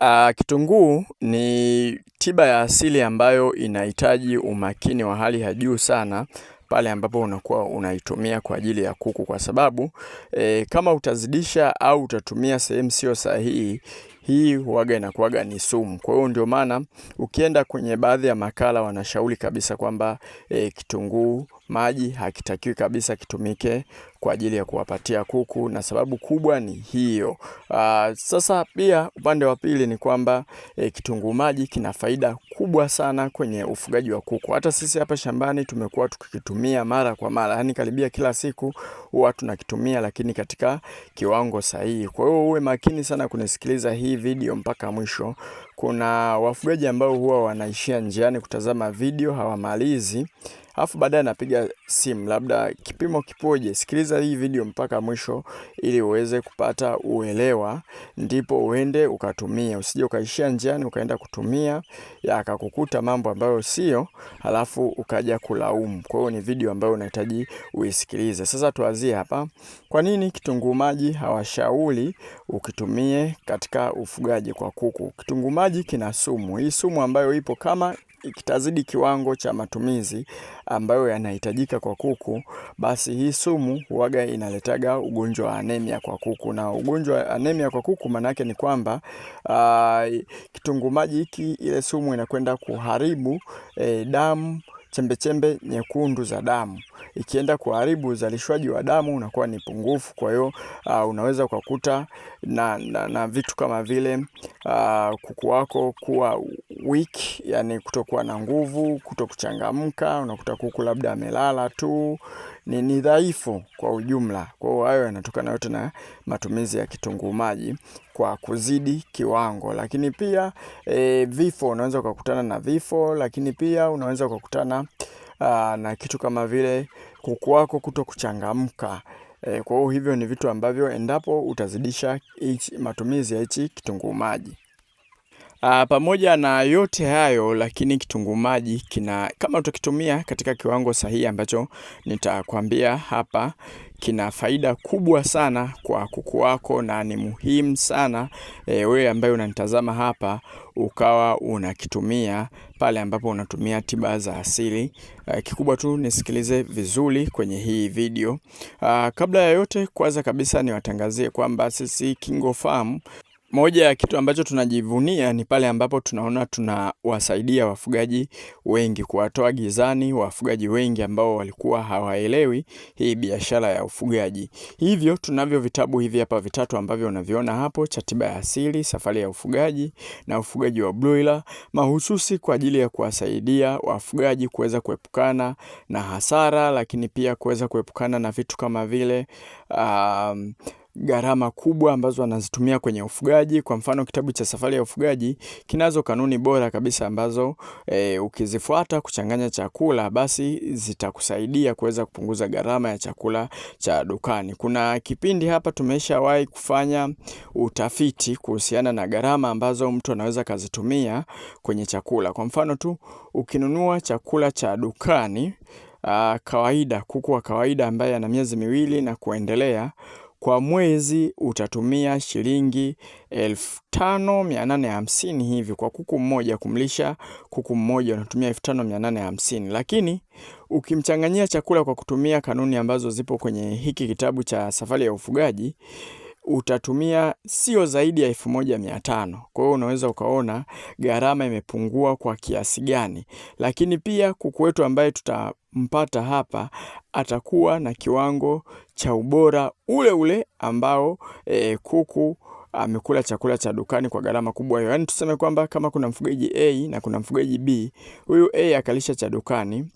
Uh, kitunguu ni tiba ya asili ambayo inahitaji umakini wa hali ya juu sana pale ambapo unakuwa unaitumia kwa ajili ya kuku kwa sababu e, kama utazidisha au utatumia sehemu sio sahihi, hii huaga inakuaga ni sumu. Kwa hiyo ndio maana ukienda kwenye baadhi ya makala wanashauri kabisa kwamba e, kitunguu maji hakitakiwi kabisa kitumike kwa ajili ya kuwapatia kuku, na sababu kubwa ni hiyo. Aa, ah, sasa pia upande wa pili ni kwamba e, kitunguu maji kina faida kubwa sana kwenye ufugaji wa kuku. Hata sisi hapa shambani tumekuwa tukikitumia mara kwa mara, yani karibia kila siku huwa tunakitumia, lakini katika kiwango sahihi. Kwa hiyo uwe makini sana kunisikiliza hii video mpaka mwisho. Kuna wafugaji ambao huwa wanaishia njiani kutazama video hawamalizi alafu baadaye napiga simu, labda kipimo kipoje. Sikiliza hii video mpaka mwisho ili uweze kupata uelewa, ndipo uende ukatumia, usije ukaishia njiani ukaenda kutumia yakakukuta mambo ambayo sio, halafu ukaja kulaumu. Kwa hiyo ni video ambayo unahitaji uisikilize. Sasa tuanzie hapa. Kwa nini kitunguu maji hawashauri ukitumie katika ufugaji kwa kuku? Kitunguu maji kina sumu. Hii sumu ambayo ipo kama kitazidi kiwango cha matumizi ambayo yanahitajika kwa kuku, basi hii sumu huwaga inaletaga ugonjwa wa anemia kwa kuku. Na ugonjwa wa anemia kwa kuku maanake ni kwamba kitungumaji maji hiki, ile sumu inakwenda kuharibu e, damu chembechembe nyekundu za damu, ikienda kuharibu uzalishwaji wa damu unakuwa ni pungufu. Kwa hiyo uh, unaweza ukakuta na, na, na vitu kama vile uh, kuku wako kuwa weak, yani kutokuwa na nguvu, kutokuchangamka. Unakuta kuku labda amelala tu ni, ni dhaifu kwa ujumla. Kwa hiyo hayo yanatokana yote na matumizi ya kitunguu maji kwa kuzidi kiwango. Lakini pia e, vifo, unaweza ukakutana na vifo, lakini pia unaweza ukakutana na kitu kama vile kuku wako kuto kuchangamka. E, kwa hiyo hivyo ni vitu ambavyo endapo utazidisha matumizi ya hichi kitunguu maji. Uh, pamoja na yote hayo lakini kitunguu maji kina kama utakitumia katika kiwango sahihi ambacho nitakwambia hapa kina faida kubwa sana kwa kuku wako na ni muhimu sana e, wewe ambaye unanitazama hapa ukawa unakitumia pale ambapo unatumia tiba za asili. Uh, kikubwa tu nisikilize vizuri kwenye hii video. Uh, kabla ya yote, kwanza kabisa niwatangazie kwamba sisi KingoFarm moja ya kitu ambacho tunajivunia ni pale ambapo tunaona tunawasaidia wafugaji wengi kuwatoa gizani, wafugaji wengi ambao walikuwa hawaelewi hii biashara ya ufugaji. Hivyo tunavyo vitabu hivi hapa vitatu ambavyo unaviona hapo cha tiba ya asili, safari ya ufugaji na ufugaji wa broiler, mahususi kwa ajili ya kuwasaidia wafugaji kuweza kuepukana na hasara, lakini pia kuweza kuepukana na vitu kama vile um, gharama kubwa ambazo wanazitumia kwenye ufugaji. Kwa mfano, kitabu cha Safari ya Ufugaji kinazo kanuni bora kabisa ambazo e, ukizifuata kuchanganya chakula basi zitakusaidia kuweza kupunguza gharama ya chakula cha dukani. Kuna kipindi hapa tumeshawahi kufanya utafiti kuhusiana na gharama ambazo mtu anaweza kazitumia kwenye chakula. Kwa mfano tu ukinunua chakula cha dukani Uh, kawaida kuku wa kawaida ambaye ana miezi miwili na kuendelea kwa mwezi utatumia shilingi 5850 hivi kwa kuku mmoja, kumlisha kuku mmoja unatumia 5850, lakini ukimchanganyia chakula kwa kutumia kanuni ambazo zipo kwenye hiki kitabu cha Safari ya Ufugaji utatumia sio zaidi ya elfu moja mia tano. Kwa hiyo unaweza ukaona gharama imepungua kwa kiasi gani, lakini pia kuku wetu ambaye tutampata hapa atakuwa na kiwango cha ubora ule ule ambao e, kuku amekula chakula cha dukani kwa gharama kubwa hiyo. Yaani tuseme kwamba kama kuna mfugaji A na kuna mfugaji B, huyu A akalisha cha dukani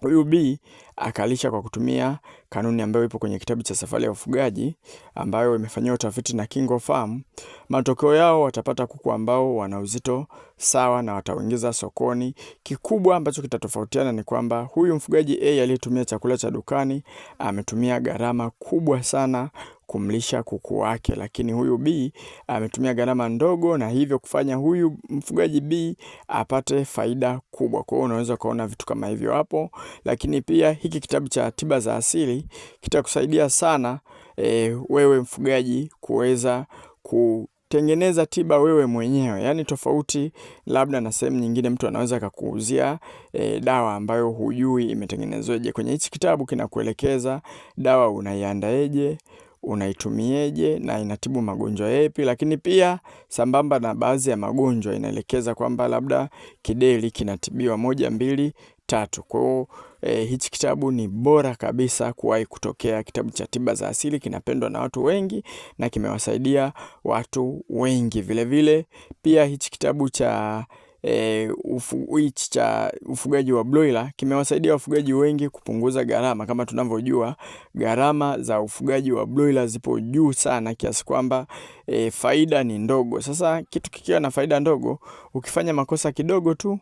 Huyu B akalisha kwa kutumia kanuni ambayo ipo kwenye kitabu cha Safari ya Ufugaji ambayo imefanyiwa utafiti na kingo Farm. Matokeo yao watapata kuku ambao wana uzito sawa na watauingiza sokoni. Kikubwa ambacho kitatofautiana ni kwamba huyu mfugaji A aliyetumia chakula cha dukani ametumia gharama kubwa sana kumlisha kuku wake, lakini huyu B ametumia gharama ndogo na hivyo kufanya huyu mfugaji B apate faida kubwa. Kwa hiyo unaweza ukaona vitu kama hivyo hapo, lakini pia hiki kitabu cha tiba za asili kitakusaidia sana e, wewe mfugaji kuweza ku tengeneza tiba wewe mwenyewe, yaani tofauti labda na sehemu nyingine, mtu anaweza akakuuzia e, dawa ambayo hujui imetengenezweje. Kwenye hichi kitabu kinakuelekeza dawa unaiandaeje, unaitumieje na inatibu magonjwa yapi, lakini pia sambamba na baadhi ya magonjwa inaelekeza kwamba labda kideli kinatibiwa moja, mbili, tatu. Kwa hiyo eh, hichi kitabu ni bora kabisa kuwahi kutokea. Kitabu cha tiba za asili kinapendwa na watu wengi na kimewasaidia watu wengi vilevile vile, pia hichi kitabu cha e, ufu, hichi cha ufugaji wa broiler kimewasaidia wafugaji wengi kupunguza gharama. Kama tunavyojua gharama za ufugaji wa broiler zipo juu sana kiasi kwamba e, faida ni ndogo. Sasa kitu kikiwa na faida ndogo, ukifanya makosa kidogo tu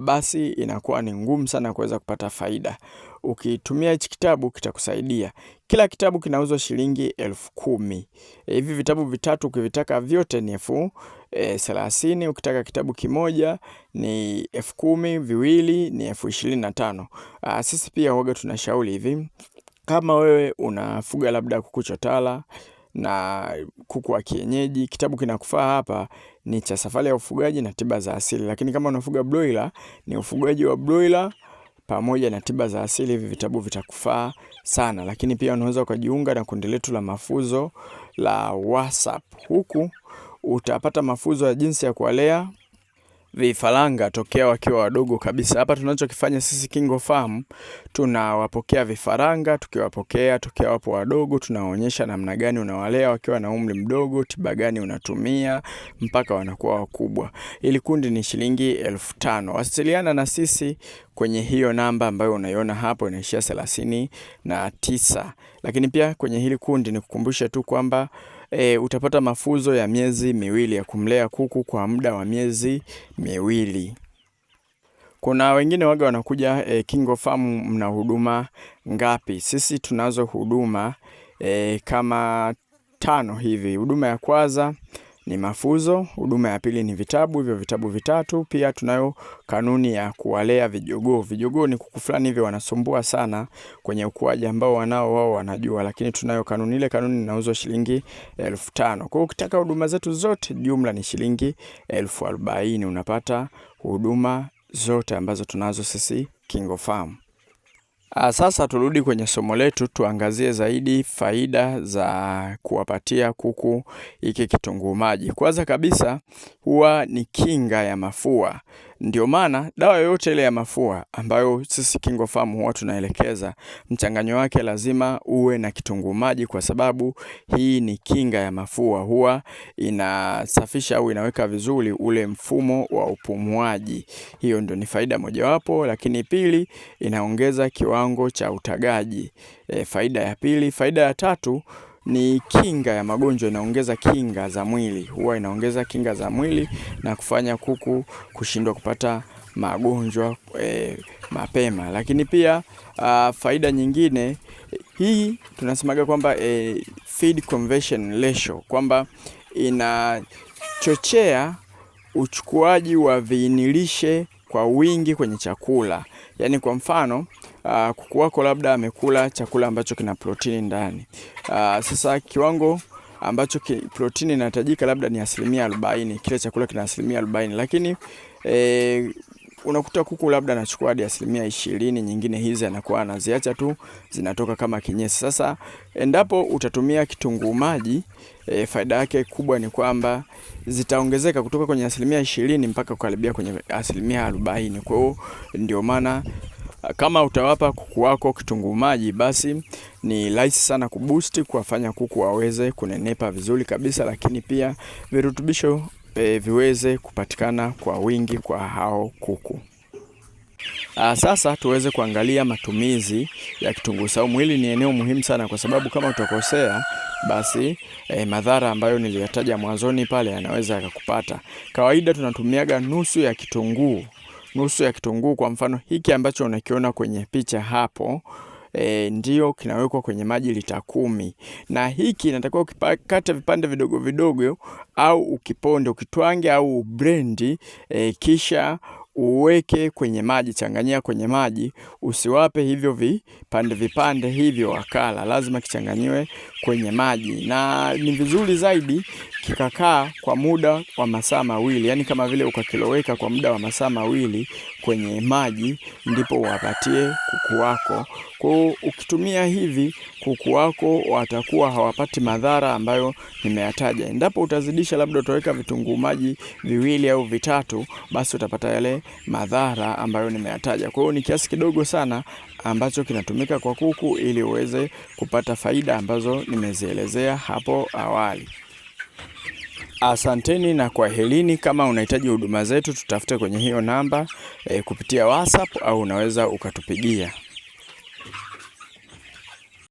basi inakuwa ni ngumu sana kuweza kupata faida. Ukitumia hichi kitabu kitakusaidia. Kila kitabu kinauzwa shilingi elfu kumi. Hivi vitabu vitatu ukivitaka vyote ni elfu eh, thelathini. Ukitaka kitabu kimoja ni elfu kumi, viwili ni elfu ishirini na tano. Ah, sisi pia huwaga tunashauri hivi, kama wewe unafuga labda kuku chotara na kuku wa kienyeji. Kitabu kinakufaa hapa ni cha safari ya ufugaji na tiba za asili, lakini kama unafuga broiler ni ufugaji wa broiler pamoja na tiba za asili. Hivi vitabu vitakufaa sana, lakini pia unaweza ukajiunga na kundi letu la mafuzo la WhatsApp. Huku utapata mafuzo ya jinsi ya kuwalea vifaranga tokea wakiwa wadogo kabisa. Hapa tunachokifanya sisi Kingo Farm, tunawapokea vifaranga. Tukiwapokea tokea wapo wadogo, tunaonyesha namna gani unawalea wakiwa na umri mdogo, tiba gani unatumia mpaka wanakuwa wakubwa. Ili kundi ni shilingi elfu tano. Wasiliana na sisi kwenye hiyo namba ambayo unaiona hapo inaishia thelathini na tisa. Lakini pia kwenye hili kundi ni kukumbusha tu kwamba e, utapata mafunzo ya miezi miwili ya kumlea kuku kwa muda wa miezi miwili. Kuna wengine waga wanakuja e, Kingo Farm mna huduma ngapi? Sisi tunazo huduma e, kama tano hivi. Huduma ya kwanza ni mafuzo. Huduma ya pili ni vitabu, hivyo vitabu vitatu. Pia tunayo kanuni ya kuwalea vijogoo. Vijogoo ni kuku fulani hivyo wanasumbua sana kwenye ukuaji ambao wanao wao wanajua, lakini tunayo kanuni. Ile kanuni inauzwa shilingi elfu tano. Kwa hiyo ukitaka huduma zetu zote jumla ni shilingi elfu arobaini unapata huduma zote ambazo tunazo sisi KingoFarm. Ah, sasa turudi kwenye somo letu tuangazie zaidi faida za kuwapatia kuku hiki kitunguu maji. Kwanza kabisa huwa ni kinga ya mafua. Ndio maana dawa yoyote ile ya mafua ambayo sisi KingoFarm huwa tunaelekeza mchanganyo wake lazima uwe na kitunguu maji, kwa sababu hii ni kinga ya mafua, huwa inasafisha au inaweka vizuri ule mfumo wa upumuaji. Hiyo ndio ni faida mojawapo, lakini pili inaongeza kiwa kiwango cha utagaji. E, faida ya pili. Faida ya tatu ni kinga ya magonjwa, inaongeza kinga za mwili, huwa inaongeza kinga za mwili na kufanya kuku kushindwa kupata magonjwa e, mapema. Lakini pia a, faida nyingine hii tunasemaga kwamba e, feed conversion ratio kwamba inachochea uchukuaji wa viinilishe kwa wingi kwenye chakula, yaani kwa mfano uh, kuku wako labda amekula chakula ambacho kina protini ndani. Uh, sasa kiwango ambacho ki, protini inahitajika labda ni asilimia arobaini, kile chakula kina asilimia arobaini, lakini eh, unakuta kuku labda anachukua hadi asilimia ishirini, nyingine hizi anakuwa anaziacha tu zinatoka kama kinyesi. Sasa endapo utatumia kitunguu maji e, faida yake kubwa ni kwamba zitaongezeka kutoka kwenye asilimia ishirini mpaka kukaribia kwenye asilimia arobaini. Kwa hiyo ndio maana kama utawapa kuku wako kitunguu maji, basi ni rahisi sana kuboost, kuwafanya kuku waweze kunenepa vizuri kabisa, lakini pia virutubisho e, viweze kupatikana kwa wingi kwa hao kuku. Aa, sasa tuweze kuangalia matumizi ya kitunguu saumu. Hili ni eneo muhimu sana kwa sababu kama utakosea basi e, madhara ambayo niliyataja mwanzoni pale yanaweza yakakupata. Kawaida tunatumiaga nusu ya kitunguu nusu ya kitunguu. Kwa mfano hiki ambacho unakiona kwenye picha hapo E, ndio kinawekwa kwenye maji lita kumi, na hiki inatakiwa ukikata vipande vidogo vidogo, au ukiponde ukitwange au ubrendi e, kisha uweke kwenye maji, changanyia kwenye maji, usiwape hivyo vipande vipande hivyo wakala, lazima kichanganyiwe kwenye maji, na ni vizuri zaidi kikakaa kwa muda wa masaa mawili, yani kama vile ukakiloweka kwa muda wa masaa mawili kwenye maji, ndipo uwapatie kuku wako. Kwa ukitumia hivi, kuku wako watakuwa hawapati madhara ambayo nimeyataja. Endapo utazidisha, labda utaweka vitunguu maji viwili au vitatu, basi utapata yale madhara ambayo nimeyataja. Kwa hiyo ni kiasi kidogo sana ambacho kinatumika kwa kuku ili uweze kupata faida ambazo nimezielezea hapo awali. Asanteni na kwaherini. Kama unahitaji huduma zetu, tutafute kwenye hiyo namba e, kupitia WhatsApp au unaweza ukatupigia.